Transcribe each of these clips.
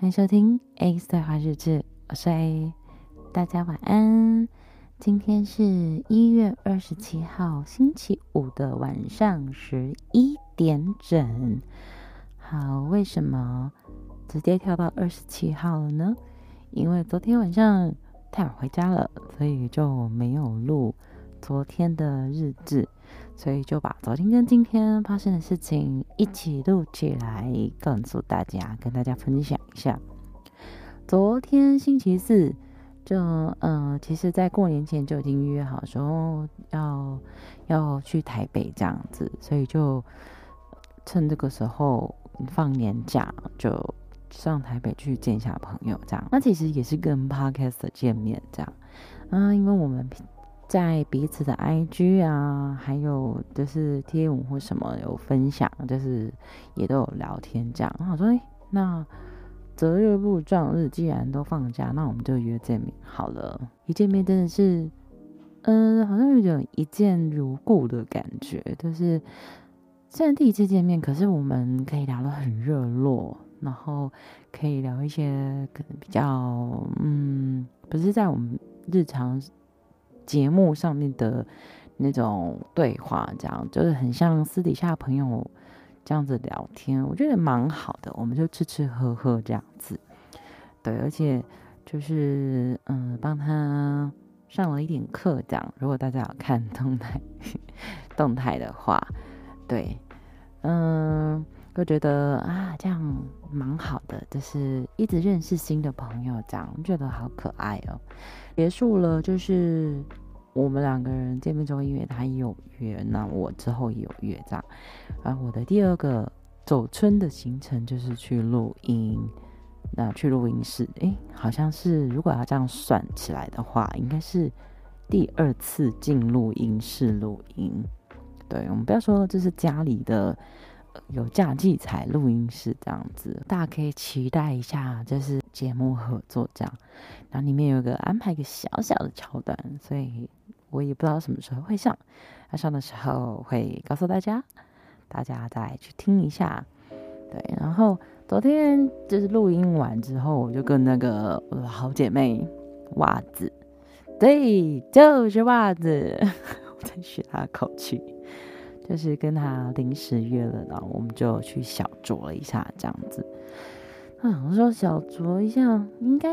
歡迎收聽《AaS 對話日誌》，我是 A，大家晚安。今天是一月二十七號星期五的晚上十一點整。好，為什麼直接跳到二十七號了呢？因為昨天晚上太晚回家了，所以就沒有錄昨天的日誌。所以就把昨天跟今天發生的事情一起錄起來，告訴大家，跟大家分享一下。昨天星期四，就嗯、呃，其實，在過年前就已經約好，說要要去台北這樣子，所以就趁這個時候放年假，就上台北去見一下朋友這樣。那其實也是跟 Podcaster 見面這樣，啊，因為我們。在彼此的 IG 啊，還有就是貼文或什麼有分享，就是也都有聊天這樣。然後我說，哎、欸，那擇日不撞日，既然都放假，那我們就約見面好了。一見面真的是，嗯、呃，好像有點一見如故的感覺。就是雖然第一次見面，可是我們可以聊得很熱絡，然後可以聊一些可能比較，嗯，不是在我們日常。節目上面的那種對話，這樣就是很像私底下朋友這樣子聊天，我覺得蠻好的。我們就吃吃喝喝這樣子，對，而且就是嗯，幫他上了一點課這樣。如果大家有看動態動態的話，對，嗯，就覺得啊，這樣蠻好的，就是一直認識新的朋友這樣，覺得好可愛哦。結束了就是。我們兩個人見面之後，因為他有約，那我之後也有約這樣，而、啊、我的第二個走春的行程就是去錄音，那去錄音室，誒，好像是如果要這樣算起來的話，應該是第二次進錄音室錄音。對，我們不要說這是家裡的。有《假期才錄音室》這樣子，大家可以期待一下，就是節目合作這樣。然後裡面有個安排，一個小小的橋段，所以我也不知道什麼時候會上。那上的時候會告訴大家，大家再去聽一下。對，然後昨天就是錄音完之後，我就跟那個我的好姐妹襪子，對，就是襪子， 我在學她的口氣。就是跟他臨時約了，然後我們就去小酌了一下，這樣子。啊、嗯，我說小酌一下，應該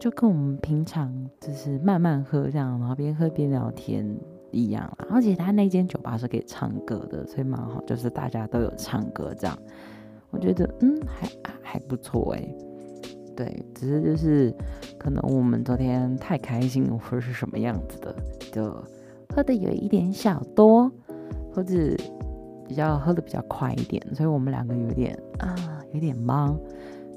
就跟我們平常就是慢慢喝這樣，然後邊喝邊聊天一樣啦。而且他那間酒吧是可以唱歌的，所以蠻好，就是大家都有唱歌這樣。我覺得，嗯，還還不錯哎、欸。對，只是就是可能我們昨天太開心或者是什麼樣子的，就喝的有一點小多。或者比較喝的比較快一點，所以我們兩個有點啊，有點茫。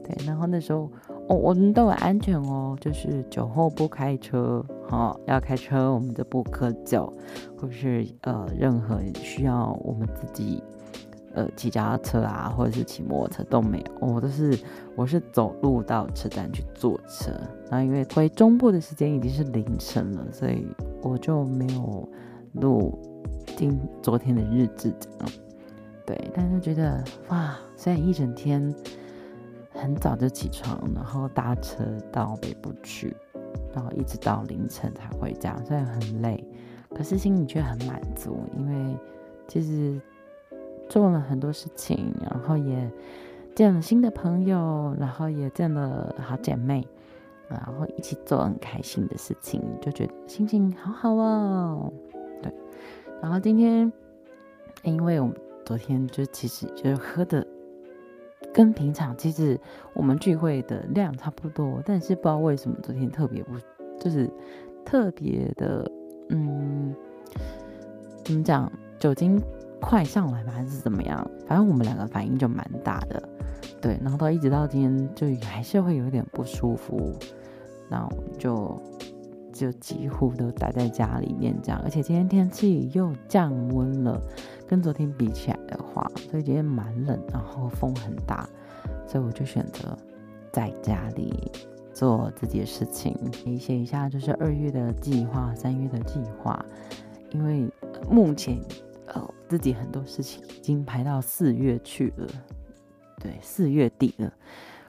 對，然後那時候我、哦，我們都很安全哦，就是酒後不開車，哈、哦，要開車我們就不喝酒，或者是呃，任何需要我們自己呃騎腳踏車啊，或者是騎摩托車都沒有。哦、我都是我是走路到車站去坐車，然後因為回中部的時間已經是凌晨了，所以我就沒有錄今昨天的日誌這樣，對，但是覺得哇，雖然一整天很早就起床，然後搭車到北部去，然後一直到凌晨才回家，雖然很累，可是心裡卻很滿足，因為其實做了很多事情，然後也見了新的朋友，然後也見了好姐妹，然後一起做很開心的事情，就覺得心情好好哦，對。然後今天，因為我們昨天就其實就喝的跟平常其實我們聚會的量差不多，但是不知道為什麼昨天特別不，就是特別的，嗯，怎麼講酒精快上來吧，還是怎麼樣？反正我們兩個反應就蠻大的，對。然後到一直到今天就還是會有一點不舒服，然後我們就。就幾乎都待在家裡面這樣，而且今天天氣又降溫了，跟昨天比起來的話，所以今天蠻冷，然後風很大，所以我就選擇在家裡做自己的事情，你寫一下就是二月的計劃、三月的計劃，因為目前呃、哦、自己很多事情已經排到四月去了，對，四月底了，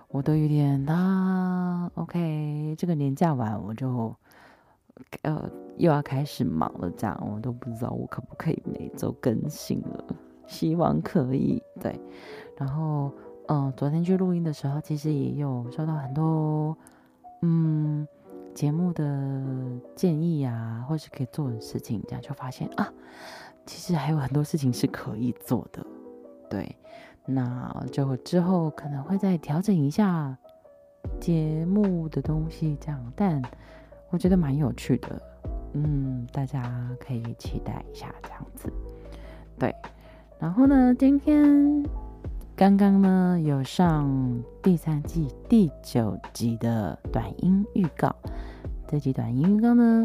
我都有點啊，OK，這個年假完我就。呃，又要開始忙了，這樣我都不知道我可不可以每周更新了。希望可以，對。然後，嗯，昨天去錄音的時候，其實也有收到很多，嗯，節目的建議啊，或是可以做的事情，這樣就發現啊，其實還有很多事情是可以做的，對。那就之後可能會再調整一下節目的東西，這樣，但，我覺得蠻有趣的，嗯，大家可以期待一下這樣子。對，然後呢，今天剛剛呢有上第三季第九集的短音預告。這集短音預告呢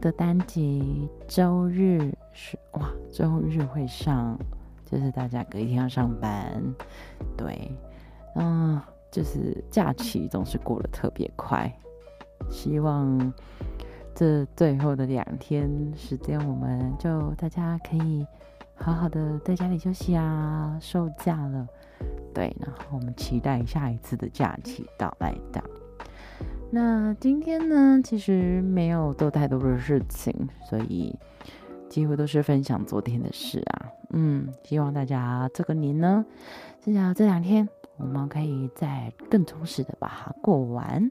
的單集週日是哇，週日會上，就是大家隔一天要上班。對，嗯、呃，就是假期總是過得特別快。希望這最後的兩天時間，我們就大家可以好好的在家裡休息啊，收假了。對，然後我們期待下一次的假期到來的。那今天呢，其實沒有做太多的事情，所以幾乎都是分享昨天的事啊。嗯，希望大家這個年呢，至少這兩天，我們可以再更充實的把它過完。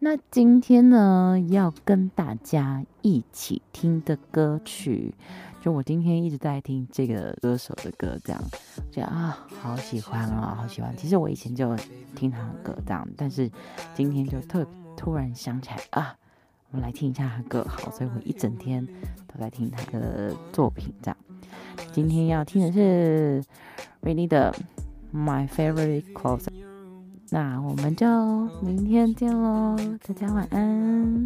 那今天呢，要跟大家一起聽的歌曲，就我今天一直在聽這個歌手的歌，這樣這樣，啊，好喜歡啊，好喜歡。其實我以前就聽他的歌這樣，但是今天就特突然想起來啊，我們來聽一下他的歌好，所以我一整天都在聽他的作品這樣。今天要聽的是 RINI 的《My Favourite Clothes》。那我們就明天見嘍，大家晚安。